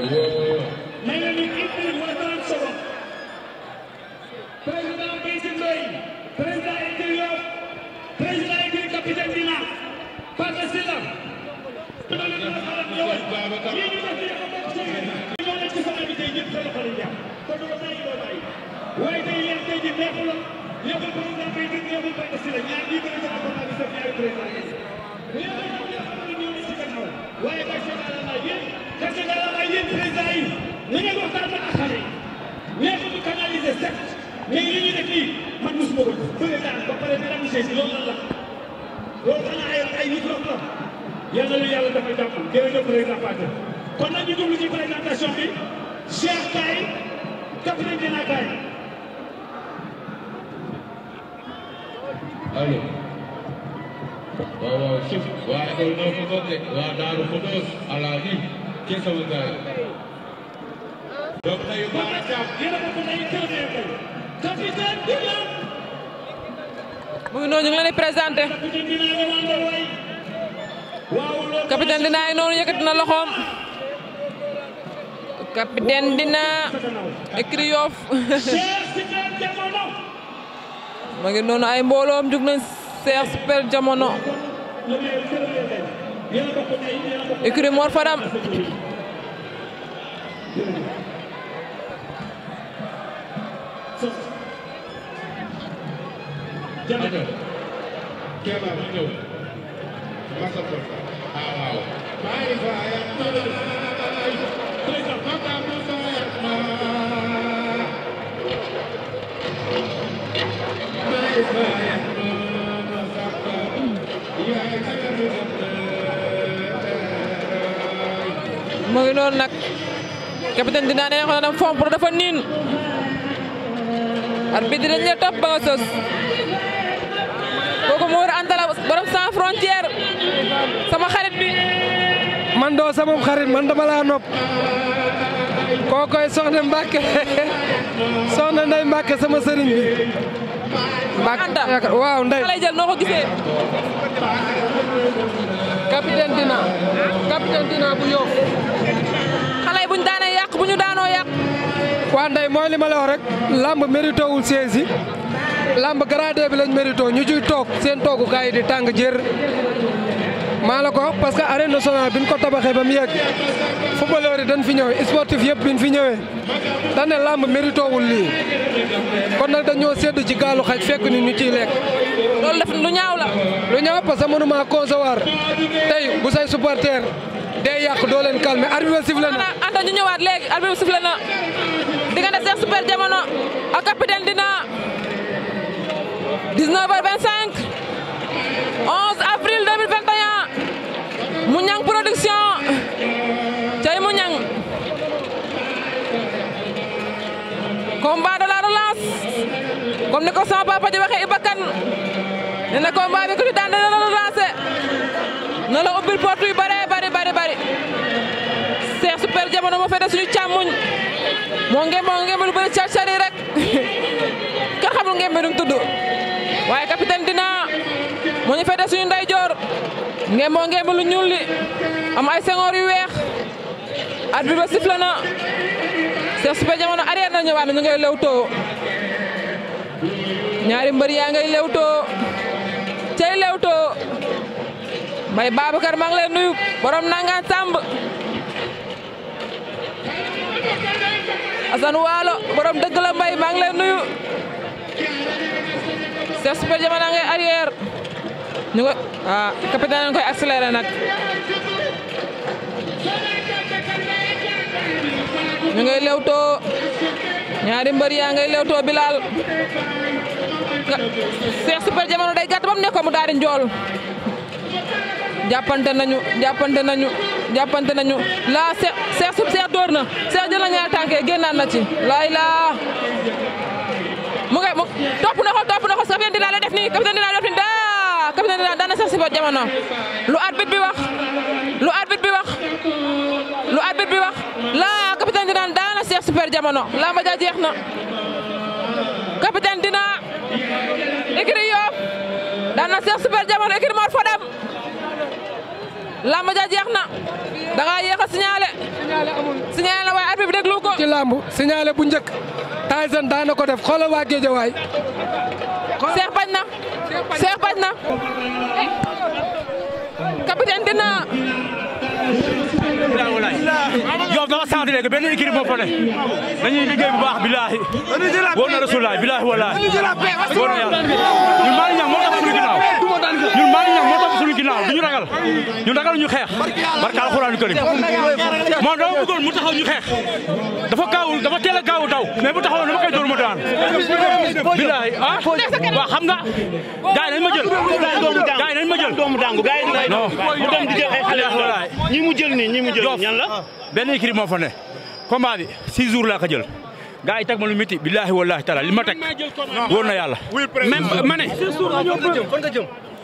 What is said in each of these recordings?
may nañu indi mooy 30 secondes président Bassirou Ndoye président écurie Yoff président écurie capitaine Dina Papa Silla waaye tey yéen tey jii neexul la yóbbul président Bassirou Ndoye yóbbul Papa Silla ñaar ñii bëri sa université si loolu lan la loolu xanaa ay ay nit wax la yal na leen yàlla dafa jàpp jërëjëf président Pathé kon nag bi Cheikh Kaay Capitaine Diena Kaay allo waaw waaw chef waa école noo ko doon de waa Daaru Xudoos alaaji ci sama gaay donc nayu baara jàpp yéen mu ngi noonu ñu leen di présenté capitaine Dina ay noonu yëkkati na loxoom capitaine Dina écrit Yoff ma ngi noonu ay mbooloom jug nañ Cheikh Super Jamono écrit Mor Fadam Janaka Kema ñëw Masako ah waaw bàyyi fa ya ay président mata mata ya ma bàyyi fa ya Masako ya mu ngi noonu nag capitaine dina ne xono dam fomp dafa niin arbitre dañ la topp ba nga sos Mour Anta la borom sans frontière sama xarit bi. man doo sama xarit man dama laa nopp kookoy soxna Mbacke soxna Ndeye Mbacke sama sëriñ bi. waaw Ndeye lay jël noo ko gisee. capitaine dina capitaine dina bu yóbbu. xale yi buñ daanee yàq bu ñu daanoo yàq. waa Ndeye mooy li rek lamb mérito wul lamb gradé bi lañ mérito ñu ciy toog seen toogukaay yi di tàng jër maa la ko parce que na nationale bi ñu ko tabaxee ba mu yegg footballeur yi dañ fi ñëwee sportif yëpp bi ñu fi ñëwee dañ ne lamb mérito wul lii kon nag dañoo sédd ci gaalu xaj fekk ni ñu ciy lekk. loolu def lu ñaaw la. lu ñaaw parce que mënuma concevoir tey bu say supporter day yàqu doo leen calmer arbitre sifflé na. anta ñu ñëwaat léegi arbitre sifflé na diggante Cheikh Super Diamono ak capitaine dina. 19h25 11 avril 2021 Mouniang production cey Mouniang combat de la relance comme ni ko sama papa di waxee Ibakan ne na combat bi ku ci daan dana la ubbil porte yu bare bari bari bari Cheikh moo fete suñu càmmuñ moo ngeen moo ngeen lu bëri car cari rek kenn xamul ngeen bi nu mu tudd waaye capitaine dina mu ñu fete suñu ndeyjoor ngeen moo ngeen lu am ay sengoor yu weex arbitre ba sifflé na Cheikh Super Diamono arrière na ñëwaat na ñu ngay lewtoo ñaari mbër yaa ngay lewtoo cey lewtoo mbay Babacar maa ngi lay nuyu borom nangaan sàmb Assane Waalo borom dëgg la mbay maa nuyu Cheikh Super Diamana ngay arrière ñu ko ah capitaine dañ koy accéléré lewtoo ñaari mbër yaa ngay lewtoo Bilal Cheikh Super Diamana day gàtt ba mu nekkoon mu njool jàppante nañu jàppante nañu jàppante nañu laa Cheikh Cheikh Super Cheikh na Cheikh jël na ñaari tànk yi génnaat na mu ngi mu topp na topp na ko capitaine dinaa def nii capitaine dinaa la nii daa capitaine dinaa daan na sax si bopp jamono lu bi wax lu arbitre bi bi wax laa capitaine dinaa daan na Super jamono lamba ja jeex na capitaine dinaa écrit Yoff daan na Super jamono écrit Mor Fadam lamb ja jeex na da ngaa a signalé. signalé amul signalé la bi déglu ko. ci lamb signalé bu njëkk. Tyson daan na ko def xoolal waa Géejawaay. Cheikh bañ na Cheikh bañ na. capitaine dina. yow dama sant rek benn équipe moo fa ne dañuy liggéey bu baax bilaahi. wóor na rasulilah bilaahi walaahi. wóor na yàlla. ñun ragal ñu xeex barke alxuraanu karim moom dama bëggoon mu taxaw ñu xeex dafa gaawul dafa teel a gaaw daw mais bu taxawoon dama koy dóor ma daan bilaay ah waaw xam nga gars yi nañ ma jël gars yi ma jël doomu dangu gars yi non mu dem di jël ay xale ñi mu jël nii ñi mu jël ñan la benn écrit moo fa ne combat bi six jours laa ko jël gaa yi teg ma lu métti billaahi wallaahi taala li ma teg wóor na yàlla même ma ne kon nga jëm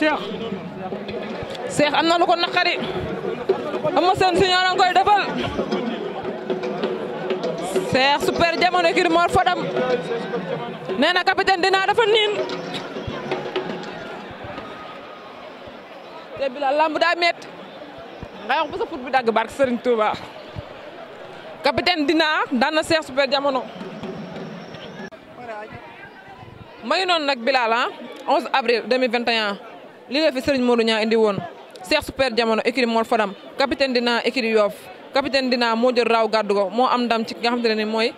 Cheikh. Cheikh am na lu ko naqari. Eumeu Sène Junior a ngi koy defal. Cheikh super jamono kii Mor Fadam. nee na capitaine dinaa dafa niin. te bi la lamb daa métti. ngay wax ba sa fut bi barke Serigne Touba. capitaine dinaa daan na Cheikh super jamono. ma ngi noonu nag Bilal ah 11 lii la fi moo Modou Niang indi woon Cheikh Super Jamono écurie Mor Fadam capitaine dina écurie Yoff capitaine dina moo jël raaw gàddu ko moo am ndam ci nga xamante ne ni mooy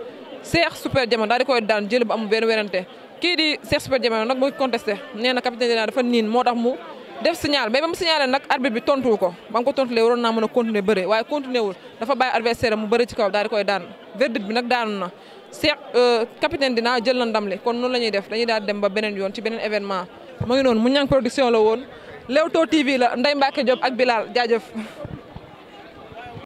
Cheikh Super Jamono daal di koy daan jël bu benn werante kii di Cheikh Super Jamono nag mu ngi contesté nee na capitaine dina dafa niin moo tax mu def signal mais ba mu signalé nag arbitre ko ba ko tontulee waroon naa a continuer bëre waaye continuer wul dafa bàyyi adversaire mu bëre ci daal koy daan verdict nag daanu na Cheikh euh, capitaine dina jël na ndam li kon noonu la ñuy def dañuy daal dem ba beneen yoon ci beneen événement mu ngi noonu mu ñang production la woon Leewtoo TV la Ndeye Mbacke Diop ak Bilal jaajëf.